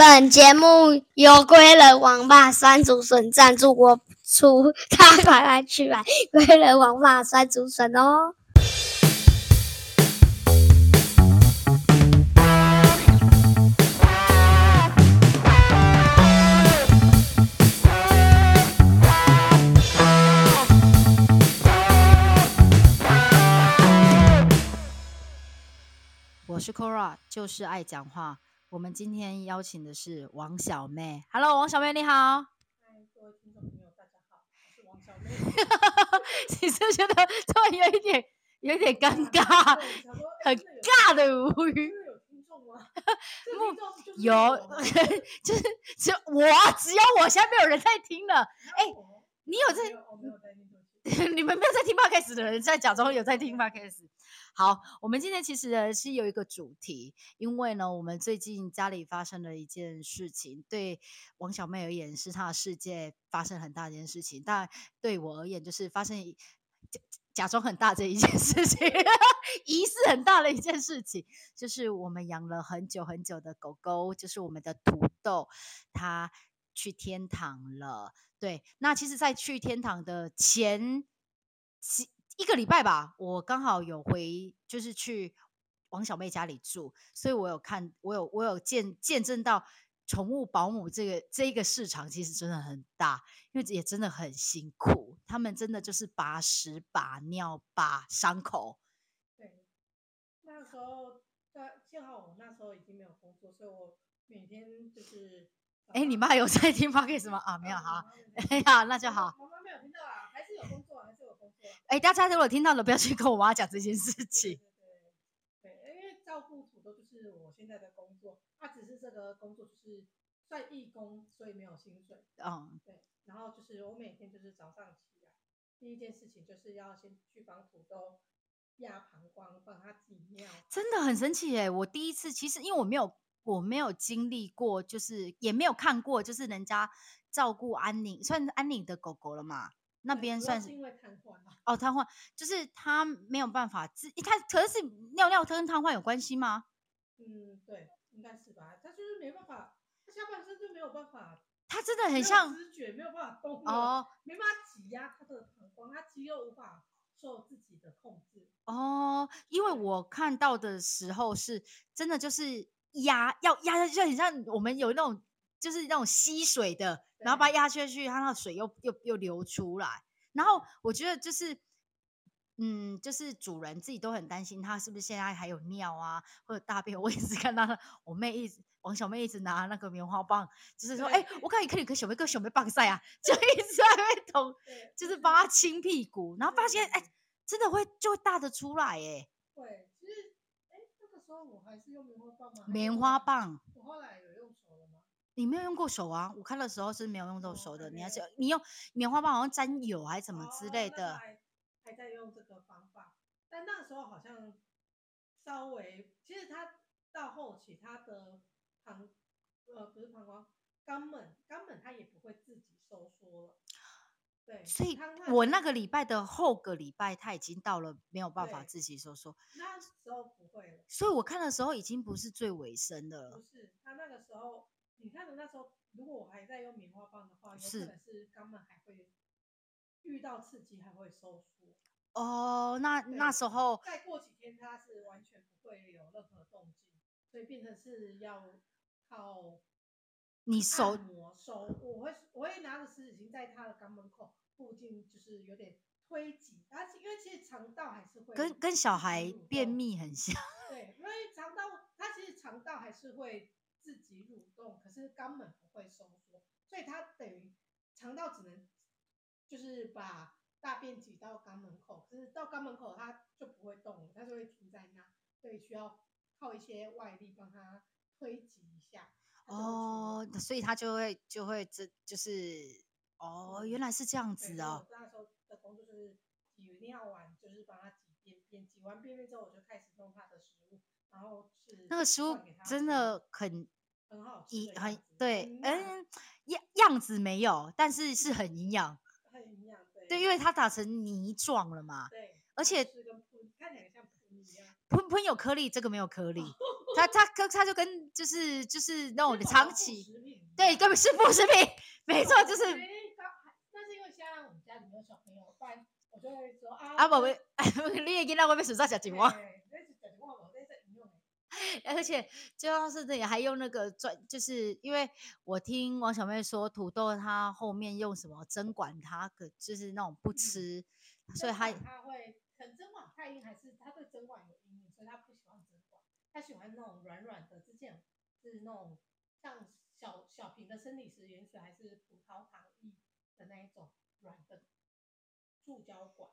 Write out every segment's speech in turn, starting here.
本節目由歸人王霸酸竹筍贊助，播出，大家快來去買歸人王霸酸竹筍哦。我是 Kora，就是愛講話。我們今天邀請的是王小妹。Hello，王小妹，你好。各位聽眾朋友，大家好，我是王小妹。其實 覺得突然有一點，有一點尷尬，嗯嗯嗯、很尬的無語。有，有，有聽眾嗎？ 有、啊 就是，就是我、啊、只我，只有我現在沒有人在聽了。哎，你有在？ 你們沒有在聽 podcast 的人在假裝有在聽 podcast。好，我們今天其實呢是有一個主題，因為呢，我們最近家裡發生了一件事情，對王小妹而言是她的世界發生很大一件事情，但對我而言就是發生一假，假裝很大這一件事情， 疑似很大的一件事情，就是我們養了很久很久的狗狗，就是我們的土豆，它。去天堂了，對。那其實，在去天堂的前幾一個禮拜吧，我剛好有回，就是去王小妹家裡住，所以我有看，我有我有見見證到寵物保姆這個這一個市場，其實真的很大，因為也真的很辛苦，他們真的就是把屎把尿把傷口。對，那時候在，幸好我那時候已經沒有工作，所以我每天就是。哎，欸欸、你媽有在聽嗎？Podcast 啊？嗯、沒有哈。哎呀，那就好。我媽，媽沒有聽到啊，還是有工作，還是有工作。哎、欸，大家如果聽到了，不要去跟我媽講這件事情。對，哎，對對對，因為照顧土豆就是我現在的工作，他只是這個工作就是在義工，所以沒有薪水。嗯，對。然後就是我每天就是早上起來，第一件事情就是要先去幫土豆壓膀胱，幫他解尿。真的很神奇耶、欸！我第一次，其實因為我沒有。我沒有經歷過，就是也沒有看過，就是人家照顧安寧，算是安寧的狗狗了嘛。對那邊算是因為癱瘓、啊、哦，癱瘓就是他沒有辦法你看，可能是尿尿，他跟癱瘓有關係嗎？嗯，對，應該是吧。他就是沒辦法，他下半身就沒有辦法。他真的很像直覺，沒有辦法動哦，沒辦法擠壓他的膀胱，他肌肉無法受自己的控制。哦，因為我看到的時候是真的就是。壓要壓下去，很像我們有那種，就是那種吸水的，對然後把它壓下去，它那水又又又流出來。然後我覺得就是，嗯，就是主人自己都很擔心，他是不是現在還有尿啊，或者大便？我一直看到我妹一直，我小妹一直拿那個棉花棒，就是說，哎對、欸，我看你，一看你跟小妹跟小妹棒賽啊，就一直在那邊捅，對就是幫她清屁股，然後發現，哎對、欸，真的會就會大得出來、欸，哎，會。棉花棒。我我後來有用手了嗎？你沒有用過手啊？我看的時候是沒有用到手的。你、哦、還是你用棉花棒好像沾油還是什麼之類的、哦還。還在用這個方法，但那時候好像稍微，其實它到後期他的膀，呃，不是膀胱，肛門，肛門它也不會自己收縮了。對，所以我那個禮拜的後個禮拜，他已經到了沒有辦法自己收縮。那時候不會了。所以我看的時候已經不是最尾聲了。不是，他那個時候你看的那時候，如果我還在用棉花棒的話，是是肛門還會遇到刺激還會收縮。哦、oh, 那，那對那時候再過幾天他是完全不會有任何動靜，所以變成是要靠。你手手，我會我會拿着濕紙巾在他的肛門口附近，就是有點推擠。而是因為其實腸道還是會跟跟小孩便秘很像。對，因為腸道它其實腸道還是會自己蠕動，可是肛門不會收縮，所以他等於腸道只能就是把大便擠到肛門口，可是到肛門口它就不會動了，它就會停在那，所以需要靠一些外力幫他推擠一下。哦，所以他就會就會這就是哦，原來是這樣子哦。那時候的工作就是有一定要完，就是幫他擠便便，擠完便便之後，我就開始用他的食物，然後是那個食物真的很很好吃的很對，很嗯，樣樣子沒有，但是是很營養，很營養，對，對，因為它打成泥狀了嘛，對，而且噴噴有顆粒，這個沒有顆粒。哦他他跟他就跟就是就是那種的長期，食品。對，根本是副食品，沒錯，就是。啊，不，你你的囡仔我要現在食青蛙。而且，就是這裡還用那個鑽，就是因為我聽王小妹說，土豆它後面用什麼針管，它可就是那種不吃，嗯、所以它它、嗯、會可能針管太硬還是它。他喜歡那種軟軟的之，之前是那種像小小瓶的生理食鹽水，還是葡萄糖液的那一種軟的塑膠管。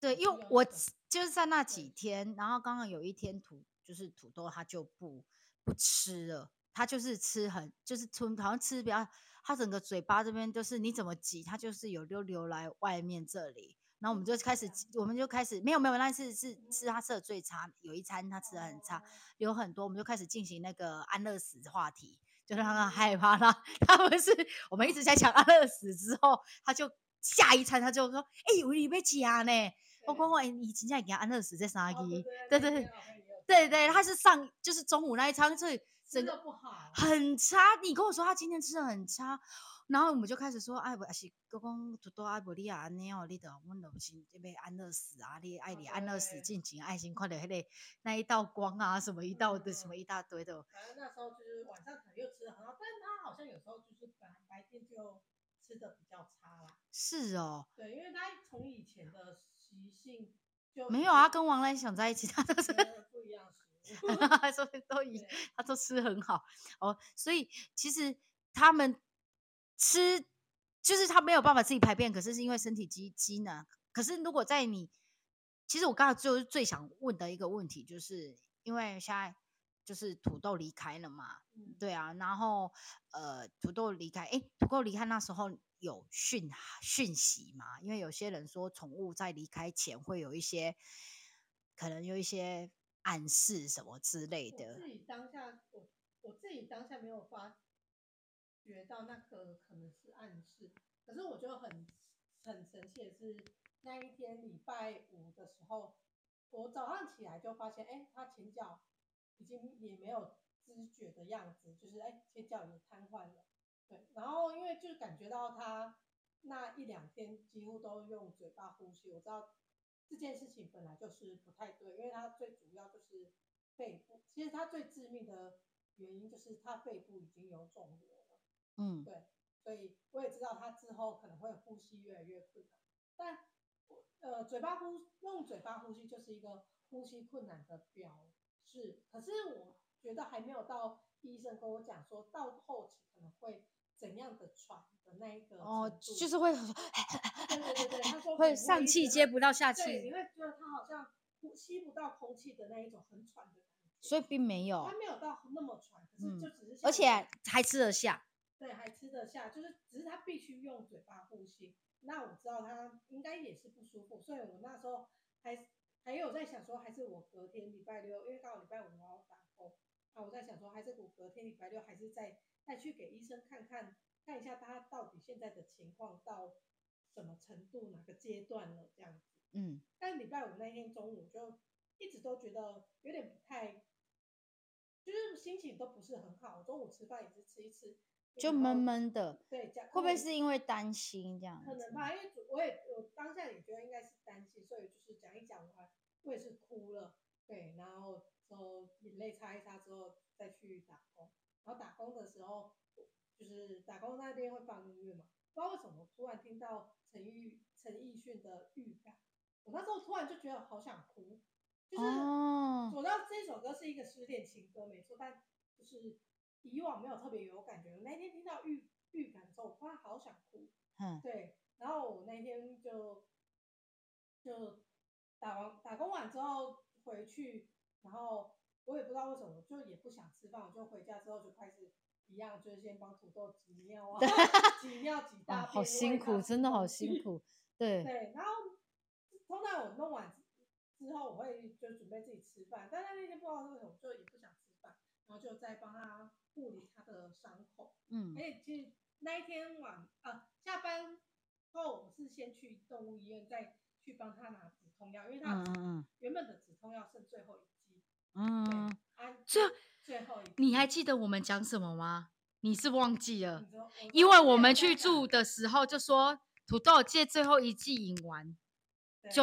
對，因為我就是在那幾天，對然後剛好有一天土，就是土豆他就不不吃了，他就是吃很，就是從好像吃比較，他整個嘴巴這邊就是，你怎麼擠，他就是有流流來外面這裡。然後我們就開始，嗯、我們就開始沒有沒有，那次是是，是他吃的最差，有一餐他吃的很差，有、嗯嗯、很多我們就開始進行那個安樂死的話題，就讓他害怕他，嗯、 他們是我們一直在講安樂死，之後他就下一餐他就說，哎、欸，我被夾呢，對我乖乖，你請假給他安樂死在啥雞、哦？對對對，對，對對，他是上就是中午那一餐所以整個不好、啊，很差，你跟我說他今天吃的很差。然後我們就開始說，哎、啊，是講多多阿布利亞安尼哦，你都我們都是要安樂死啊，你愛你安樂死盡情愛心，啊、看到那個那一道光啊，什麼一道的，嗯、什麼一大堆的。反正、啊、那時候就是晚上可能又吃的很好，但他好像有時候就是本來白天就吃的比較差啦。是哦，對，因為他從以前的習性就沒有啊，跟王來想在一起，他都是他不一都一他都吃很好哦，所以其實他們。吃就是他沒有辦法自己排便，可是是因為身體機機能，可是如果在你，其實我剛才就是最想問的一個問題，就是因為現在就是土豆離開了嘛，嗯、對啊，然後呃土豆離開，哎、欸、土豆離開那時候有訊訊息嗎？因為有些人說寵物在離開前會有一些，可能有一些暗示什麼之類的。自己當下我我自己當下沒有發。覺到那個可能是暗示，可是我就很很神奇的是那一天禮拜五的時候，我早上起來就發現，哎、欸，他前腳已經也沒有知覺的樣子，就是哎、欸、前腳已經癱瘓了。對，然後因為就感覺到他那一兩天幾乎都用嘴巴呼吸，我知道這件事情本來就是不太對，因為他最主要就是背部，其實他最致命的原因就是他背部已經有腫瘤。嗯，對，所以我也知道他之後可能會呼吸越來越困難，但呃，嘴巴呼用嘴巴呼吸就是一個呼吸困難的表示。可是我覺得還沒有到醫生跟我講說到後期可能會怎樣的喘的那一個哦，就是會，對，對對對，他說會上氣接不到下氣，你會覺得他好像呼吸不到空氣的那一種很喘的感覺，所以並沒有，他沒有到那麼喘，可是就只是、嗯，而且還吃得下。就是，只是他必須用嘴巴呼吸，那我知道他應該也是不舒服。所以，我那時候還還有在想說，還是我隔天禮拜六，因為到禮拜五我要打工啊，我在想說，還是我隔天禮拜六還是再再去給醫生看看，看一下他到底現在的情況到什麼程度，哪個階段了這樣子。嗯。但禮拜五那天中午就一直都覺得有點不太，就是心情都不是很好，我中午吃飯也是吃一吃。就悶悶的，對，嗯、會不會是因為擔心這樣？可能吧，因為我也我當下也覺得應該是擔心，所以就是講一講的話，我也是哭了，對，然後就眼淚擦一擦之後再去打工，然後打工的時候就是打工那邊會放音樂嘛，不知道為什麼突然聽到陳奕、陳奕迅的預感，我那時候突然就覺得好想哭，就是我知道這首歌是一個失戀情歌沒錯，但就是。以往沒有特別有感覺，那天聽到預預感之後，哇，好想哭。嗯。對。然後我那天就就打完打工完之後回去，然後我也不知道為什麼，就也不想吃飯，我就回家之後就開始一樣，就先幫土豆擠尿啊，擠尿擠大。嗯。好辛苦，真的好辛苦。對。對，然後通常我弄完之後，我會就準備自己吃飯，但那天不知道為什麼，就也不想吃飯，然後就再幫他。嗯，而且其實那一天晚啊下班後，我是先去動物醫院，再去幫他拿止痛藥，因為，他嗯嗯原本的止痛藥剩最後一劑，嗯，最最後一，你還記得我們講什麼嗎？你是忘記了，嗯、因為我們去住的時候就說土豆借最後一劑飲完，對就。